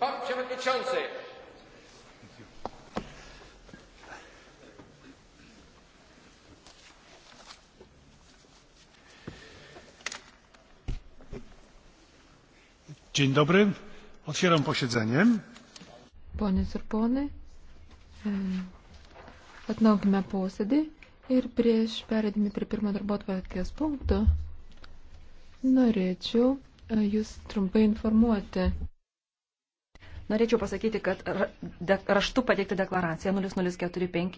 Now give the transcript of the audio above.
Pan Przewodniczący! Dzień dobry. Otwieram posiedzenie. Ponios ir ponai, e, atnaukime posėdį ir prieš perėdami prie pirmo darbo atvarkės punkto norėčiau e, jūs trumpai informuoti. Norėčiau pasakyti, kad raštu pateikti deklaraciją 0045